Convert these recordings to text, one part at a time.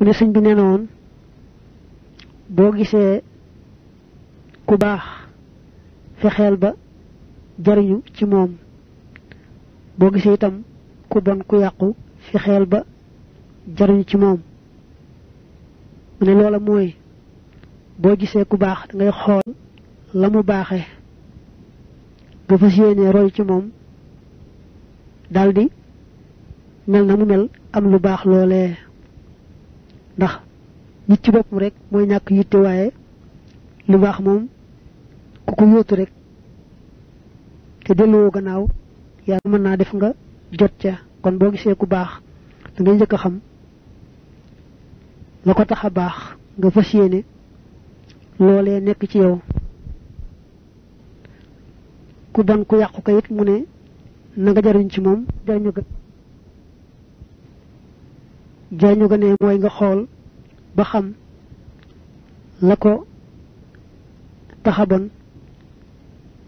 mu ne sëñ bi nee na woon boo gisee ku baax fexeel ba jariñu ci moom boo gisee itam ku bon ku yàqu fexeel ba jariñu ci moom mu ne loola mooy boo gisee ku baax da xool la mu nga fas roy ci moom daldi mel na mu mel am lu baax loolee ndax nit ci boppam rek mooy ñàkk yitte waaye lu baax moom ku ko yóotu rek te delloo gannaaw yaa mën naa def nga jot ca kon boo gisee ku baax da ngay njëkk a xam la ko tax a baax nga fas yéene loolee nekk ci yow ku bon ku yàqu ko it mu ne na nga jariñ ci moom jariñu ga jariñu ga ne mooy nga xool ba xam la ko taxa bon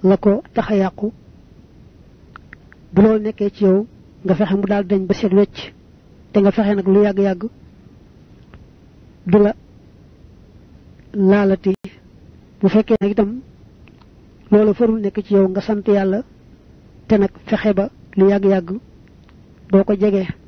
la ko taxa yàqu bu loolu nekkee ci yow nga fexe mu daal dañ ba seet wecc te nga fexe nag lu yàgg-yàgg du la laalati bu fekkee nag itam loolu farul nekk ci yow nga sant yàlla te nag fexe ba lu yàgg-yàgg ko jegee